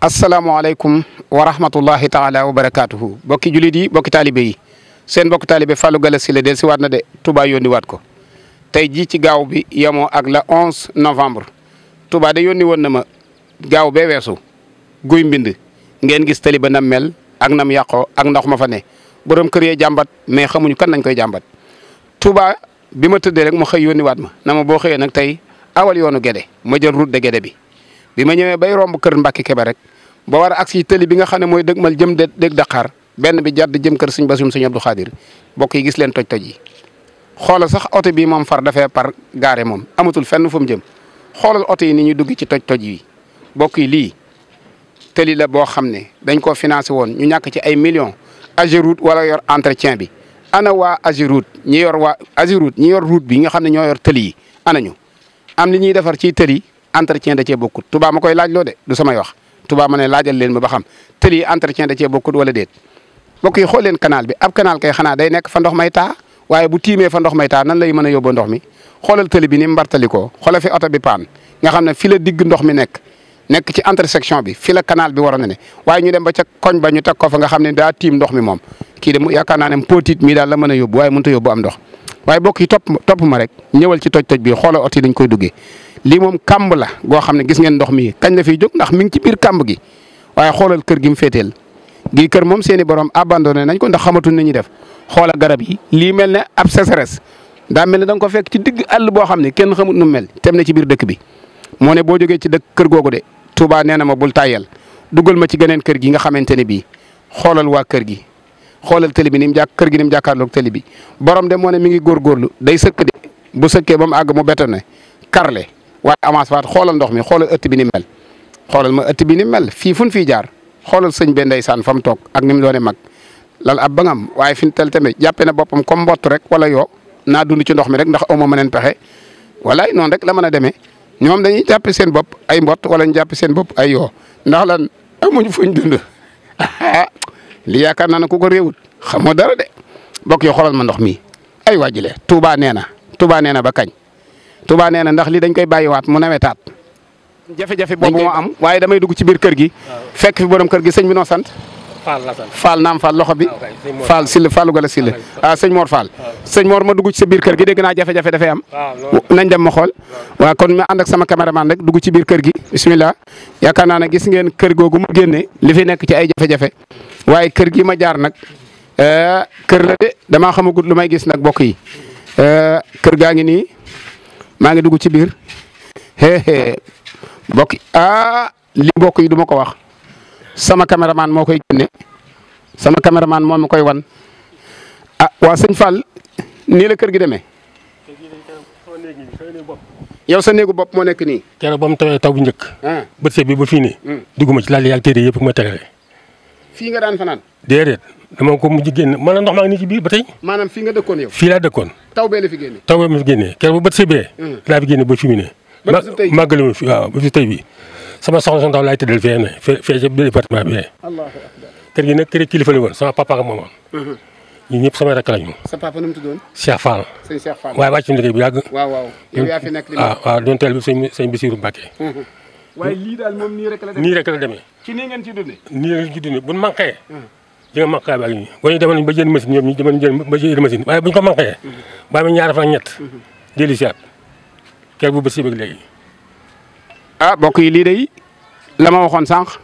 asalaamaaleykum wa rahmatullahi taala wa barakaatuhu bokki jullit yi bokki taalibe yi seen bokki taalibe Fallou Galass Syll la del si waat na de tubaa yooni waat ko tey jii ci gaaw bi yemoo ak la 11 novembre Touba de yónni woon na ma gaaw bee weesu guy mbind ngeen gis tali ba nam mel ak nam yàqo ak ndox ma fa ne borom kër yee jàmbat mais xamuñu kan lañ koy jàmbat tubaa bi ma tëddee rek ma xëy yónni waat ma na ma boo xëyee nag tey awal yoonu Gede ma jël route de bi bi ma ñëwee bay romb kër Mbacke Kébé rek ba war a si tëli bi nga xam ne mooy dëgmal jëm de dëgg Dakar benn bi jàdd jëm kër suñ basum suñ Abdou Khadir bokk yi gis leen toj toj yi xoolal sax oto bii moom far dafee par gaare moom amatul fenn fu mu jëm xoolal oto yi ni ñuy dugg ci toj toj yi bokk yi lii tëli la boo xam ne dañ ko financé woon ñu ñàkk ci ay millions Ageroute wala yor entretien bi ana waa Ageroute ñi yor waa Ageroute ñi yor route bi nga xam ne ñoo yor tëli yi ana ñu am li ñuy defar ci tëli entretien da cee bokkut Touba ma koy laaj loo de du samay wax Touba ma ne laajal leen ma ba xam tëli entretien da cee bokkut wala déet mbokk yi xool leen canal bi ab canal kay xanaa day nekk fa ndox may taa waaye bu tiimee fa ndox may taa nan lay mën a yóbboo ndox mi xoolal tëli bi ni mbartalikoo xoolal fi oto bi paan nga xam ne fi la digg ndox mi nekk nekk ci entresection bi fi la kanaal bi waroon na ne waaye ñu dem ba ca koñ ba ñu teg ko fa nga xam ne daa tiim ndox mi moom kii de yaakaar naa ne potit mi daal la mën a yóbbu waaye mënut a yóbbu am ndox waaye bokk yi topp ma rek ñëwal ci toj-toj bi xoolal oto yi dañ koy duggee lii moom kàmb la goo xam ne gis ngeen ndox mi kañ la fiy jóg ndax mi ngi ci biir kàmb gi waaye xoolal kër gi mu féeteel gii kër moom seeni borom abandonné nañ ko ndax xamatuñ ni ñuy def xoolal garab yi lii mel ne ab sécheresse ndaa mel ne danga ko fekk ci digg àll boo xam ne kenn xamut nu mel tem na ci biir dëkk bi moo ne boo jógee ci dëkk kër googu de Touba nee na ma bul tàyyal dugal ma ci geneen kër gi nga xamante ne bii xoolal waa kër gi xoolal tëli bi ni mu jàkk kër gi ni mu jàkkaarloog tëli bi borom de moo ne mi ngi góorgóorlu day sëkk bu sëkkee ba mu àgg mu bétonné karle waaye avance waat xoolal ndox mi xoolal ëtt bi ni mel xoolal ma ëtt bi ni mel fii fu ñu fiy jaar xoolal sëñ be ndeysaan fa mu toog ak ni mu doone mag lal ab ba waaye fi mu tel tamit jàppee na boppam comme mbott rek wala yoo naa dund ci ndox mi rek ndax aw ma mëneen pexe walaay noonu rek la mën a demee ñoom dañuy jàpp seen bopp ay mbot wala ñu jàpp seen bopp ay yoo ndax lan amuñ fuñ dund ah, li yaakaar naa ne ku ko réewut xamoo dara de bokk yoo xoolal ma ndox mi ay wàjjile Touba nee na Touba nee na ba kañ tubaa nee na ndax li dañ koy waat mu nawetaat jafe-jafe boobu moo am waaye damay dugg ci biir kër gi fekk fi borom kër gi sëñ bi noo sant Faal la naam Faal loxo bi Faal Silla Faalu Gala Silla sëñ Mor Faal ah, sëñ Mor ma dugg ci sa biir kër gi dégg naa jafe-jafe am ah, nañ dem ma xool waaw kon ma ànd ak sama caméraman rek dugg ci biir kër gi bisimilah yaakaar naa ne gis ngeen kër googu mu li fi nekk ci ay jafe waaye kër gi ma jaar nag eh, kër damaa xamagut lu may gis nag bokk yi eh, kër gaa ngi nii maa ngi dugg ci biir xeexee mbokk ah li mbokk yi du ma ko wax sama maan moo koy génne sama maan moom mi koy wan ah waa sëñ Fall nii la kër gi demee. yow sa néegu bopp moo nekk nii. keroog ba mu tawee taw bu njëkk. Ah. bët set bi ba fii nii. Hmm. dugguma ci laal yaag téere yëpp ma teree. fii nga daan fanaan. déedéet dama ko mujj génn maanaam ndox maa ngi nii ci biir ba tey. maanaam fii nga dëkkoon yow. fii laa dëkkoon. taw bee la fi génne. taw bee la fi génne keroog bu ba hmm. fi mu ne. ba fi fi ba fi tey bi sama soxna son taw laay tëddal fee ne fee fee ca département bi. allahu akbar kër gi nag kër kilifa la woon sama papa ak maman. Hmm. ñun ñëpp samay rakk lañu moom. sa papa nu mu tuddoon. Cheikh Fall. sëñ Cheikh Fall waaye wàcc na liggéey bu yàgg. waaw waaw yow yaa fi nekk di. waaw ah, waaw doon teel bi sëñ sëñ Bissirou Mbacke. Hmm. nii rek la demee. nii rek la demee. ci nii ngeen di nga manqué ba yi boo ñu demoon nañ ba jël machine ñoom ñu demoon jël ba waaye bu ñu ko manqué ba mu ñaar fa ak ñett dellu siwaat keroog bu ba si bëgg léegi ah bokk yi lii day la ma waxoon sànq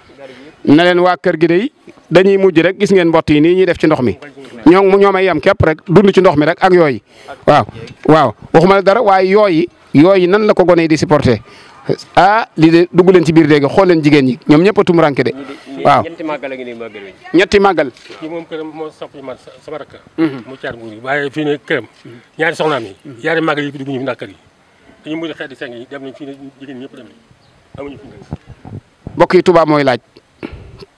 na waa kër gi day dañuy mujj rek gis ngeen mbott yi nii ñuy def ci ndox mi ñoom ñoom ay yem képp rek dund ci ndox mi rek ak yooyu waaw waaw waxuma dara waaye yooyu yooy nan la ko gone di supporter ah lii de dugg leen ci biir léegi xool leen jigéen ñi ñoom ñëpp a tum de. ñetti màggal a ngi ñetti màggal. kii moom mhm. fii ñaari soxnaam yi. Mhm. ñaari màggal yi fi ñu fi ndax kër yi dañu mujj dem nañ fii ne jigéen mooy laaj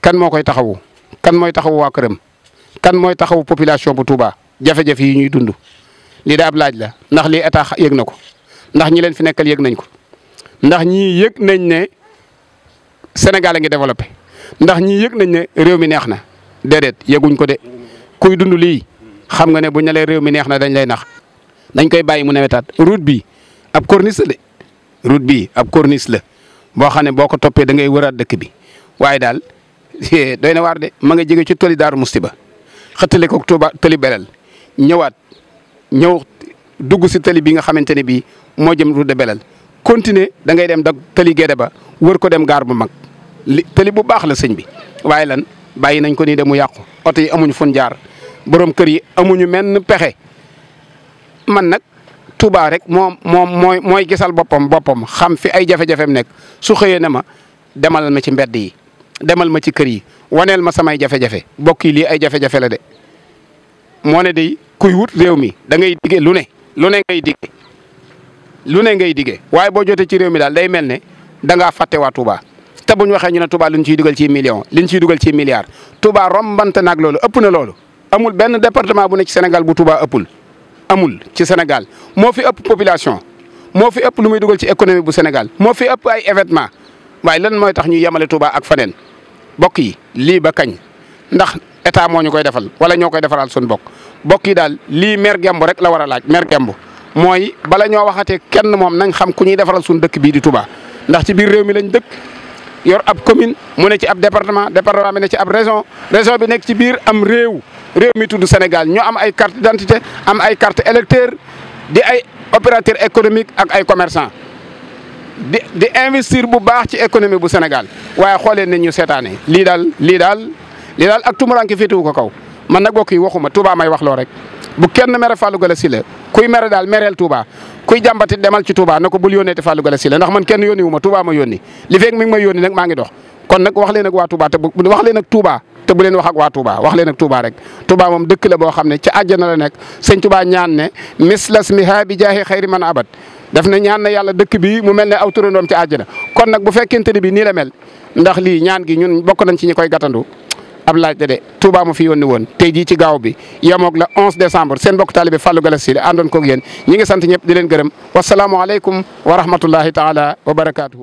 kan moo koy taxawu kan mooy taxawu waa këram kan mooy taxawu population bu Touba jafe-jafe yi ñuy dund lii da laaj la ndax li état yëg na ko ndax ñi leen fi nekkal yëg nañ ko ndax ñii yëg nañ ne Sénégal a ngi développé ndax ñii yëg nañ ne réew mi neex na déedéet yëguñ ko de kuy dund lii xam nga ne bu ñu nee réew mi neex na dañ lay nax dañ koy bàyyi mu newetaat route bi ab corniche la de route bii ab corniche la boo xam ne boo ko toppee da ngay wëraat dëkk bi waaye daal doy na waar de ma nga jege ci toli Daaru Musti ba xëttale ko Tuuba toli ñëwaat ñëw dugg si tali bi nga xamante ne bii moo jëm route de Belel. continuer da ngay dem dag tali Gédé ba wër ko dem gaar bu mag li tali bu baax la sëñ bi waaye lan bàyyi nañ ko nii de mu yàqu oto yi amuñu fun jaar borom kër yi amuñu menn pexe man nag tubaa rek moom moom mooy mooy gisal boppam boppam xam fi ay jafe-jafeem nekk su xëyee ne ma demal ma ci mbedd yi demal ma ci kër yi waneel ma samay jafe-jafe bokk yi lii ay jafe-jafe la de moo ne day kuy wut réew mi da ngay diggee lu ne lu ne ngay diggee lu ne ngay digee waaye boo jotee ci réew mi daal day mel ne da ngaa fàtte waa te bu ñu waxee ñu ne Touba liñ ciy dugal ci million liñ ciy dugal ci milliard Touba rombante nag loolu ëpp na loolu amul benn département bu ne ci Sénégal bu Touba ëppul amul ci Sénégal moo fi ëpp population moo fi ëpp lu muy dugal ci économie bu Sénégal moo fi ëpp ay événement waaye lan mooy tax ñu yemale Touba ak faneen bokk yi lii ba kañ ndax état moo ñu koy defal wala ñoo koy defaraal suñu bokk bokk yi daal lii mer gembu rek la war a laaj mer gembu mooy bala ñoo waxatee kenn moom nañ xam ku ñuy defaral suñu dëkk bii di Touba ndax ci biir réew mi lañ dëkk yor ab commune mu ne ci ab département département bi ne ci ab région région bi nekk ci biir am réew réew mi tudd Sénégal ñoo am ay carte d'identité am ay carte électeur di ay opérateur économique ak ay commerçant di di investir bu baax ci économie bu Sénégal waaye xoolee nañ ñu seetaane lii daal lii daal daal ak tumuranke féetewu ko kaw man nag bokk yi waxuma Touba may wax loo rek bu kenn mere Fallou Galass Syll kuy mere daal mereel Touba kuy jàmbatit demal ci Touba na ko bul yónnee te Fallou Galass Syll ndax man kenn yónni wu ma Touba ma yónni li feeg mi ngi ma yónni nag maa ngi dox kon nag wax leen ak waa Touba te bu wax leen ak Touba te bu leen wax waa Touba wax leen ak Touba rek Touba moom dëkk la boo xam ne ci àjjana la nekk sëñ Touba ñaan ne mislas miha bi jaahi xayri man abad def na ñaan yàlla dëkk bi mu mel ne aw turandoom ci àjjana kon nag bu fekkente ni bi nii la mel ndax lii ñaan gi ñun bokk nañ ci ñi koy gàttandu ab laajte de Touba mu fi yónni woon ci gaaw bi yemoog la 11 décembre seen bokk taalibe Fallou Galass Syll àndoon koog yéen ñi ngi sant ñëpp di leen gërëm wasalaamualeykum wa rahmatullahi taala wa barakaatuhu